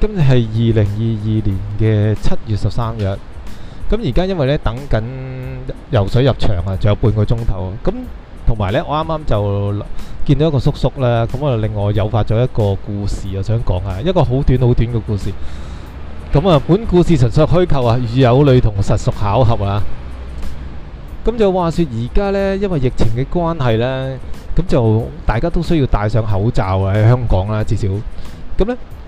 今日係二零二二年嘅七月十三日，咁而家因為呢，等緊游水入場啊，仲有半個鐘頭，咁同埋呢，我啱啱就見到一個叔叔啦，咁啊另外誘發咗一個故事，我想講下一個好短好短嘅故事，咁啊本故事純屬虛構啊，如有雷同實屬巧合啊，咁就話說而家呢，因為疫情嘅關係呢，咁就大家都需要戴上口罩啊，喺香港啦，至少，咁呢。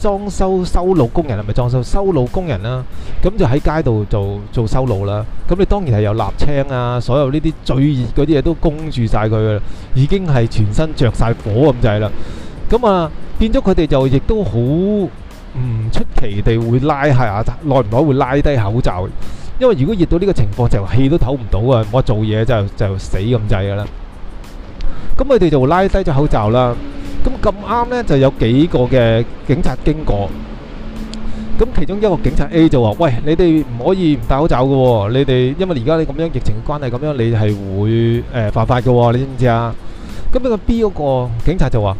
裝修修路工人係咪裝修修路工人啦？咁就喺街度做做修路啦。咁你當然係有立青啊，所有呢啲最熱嗰啲嘢都攻住曬佢噶啦，已經係全身著曬火咁滯啦。咁啊，變咗佢哋就亦都好唔出奇地會拉下口罩，耐唔耐會拉低口罩。因為如果熱到呢個情況就氣都唞唔到啊，我做嘢就就死咁滯噶啦。咁佢哋就拉低咗口罩啦。咁咁啱呢，就有幾個嘅警察經過，咁其中一個警察 A 就話：，喂，你哋唔可以唔戴口罩噶，你哋因為而家你咁樣疫情關係，咁樣你係會誒犯法噶，你知唔知啊？咁呢個 B 嗰個警察就話：，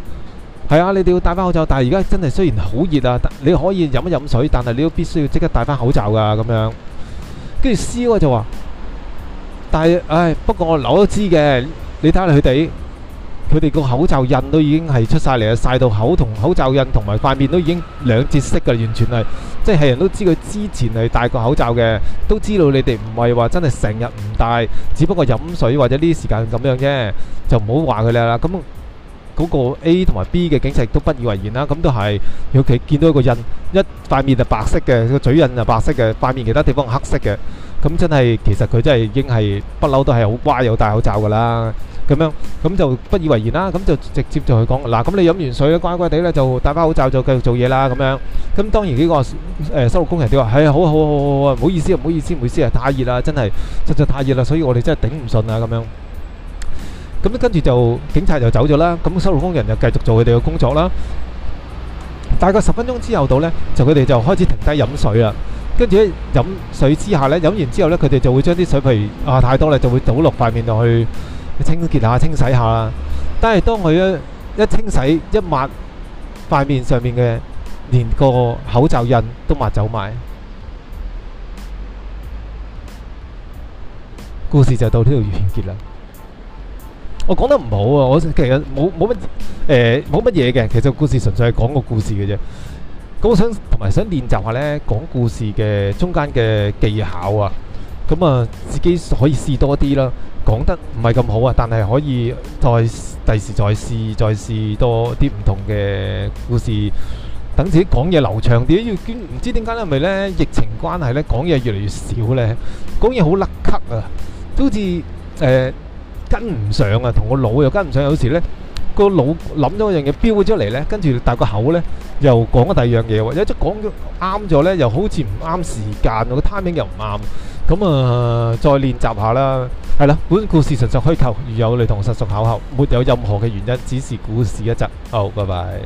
係啊，你哋要戴翻口罩，但係而家真係雖然好熱啊，你可以飲一飲水，但係你都必須要即刻戴翻口罩噶，咁樣。跟住 C 嗰個就話：，但係，唉，不過我留一支嘅，你睇下佢哋。佢哋個口罩印都已經係出曬嚟，曬到口同口罩印同埋塊面都已經兩截色嘅，完全係即係人都知佢之前係戴過口罩嘅，都知道你哋唔係話真係成日唔戴，只不過飲水或者呢啲時間咁樣啫，就唔好話佢哋啦。咁嗰個 A 同埋 B 嘅警察亦都不以為然啦，咁都係尤其見到一個印，一塊面就白色嘅，個嘴印就白色嘅，塊面其他地方黑色嘅。咁真係，其實佢真係已經係不嬲都係好乖，有戴口罩噶啦，咁樣咁就不以為然啦，咁就直接就去講嗱，咁你飲完水咧，乖乖地咧就戴翻口罩就繼續做嘢啦，咁樣。咁當然呢個誒，收路工人啲話係啊，好好好好，唔好意思，唔好意思，唔好意思啊，太熱啦，真係實在太熱啦，所以我哋真係頂唔順啊，咁樣。咁咧跟住就警察就走咗啦，咁收路工人就繼續做佢哋嘅工作啦。大概十分鐘之後度咧，就佢哋就開始停低飲水啦。跟住咧飲水之下咧，飲完之後咧，佢哋就會將啲水，譬如啊太多啦，就會倒落塊面度去清潔下、清洗下啦。但係當佢一一清洗一抹塊面上面嘅，連個口罩印都抹走埋。故事就到呢度完結啦。我講得唔好啊，我其實冇冇乜誒冇乜嘢嘅，其實故事純粹係講個故事嘅啫。咁我想同埋想練習下咧講故事嘅中間嘅技巧啊，咁啊自己可以試多啲啦。講得唔係咁好啊，但係可以再第時再試再試多啲唔同嘅故事。等自己講嘢流暢啲。要，唔知點解咧，係咪咧疫情關係咧講嘢越嚟越少咧？講嘢好甩咳啊，都好似誒跟唔上啊，同個腦又跟唔上。有時咧個腦諗咗一樣嘢，飆出嚟咧，跟住大個口咧，又講咗第二樣嘢喎，有即講啱咗呢，又好似唔啱時間，個 timing 又唔啱，咁啊、呃、再練習下啦，係啦，本故事純屬虛構，如有雷同，實屬巧合，沒有任何嘅原因，只是故事一則，好、oh，拜拜。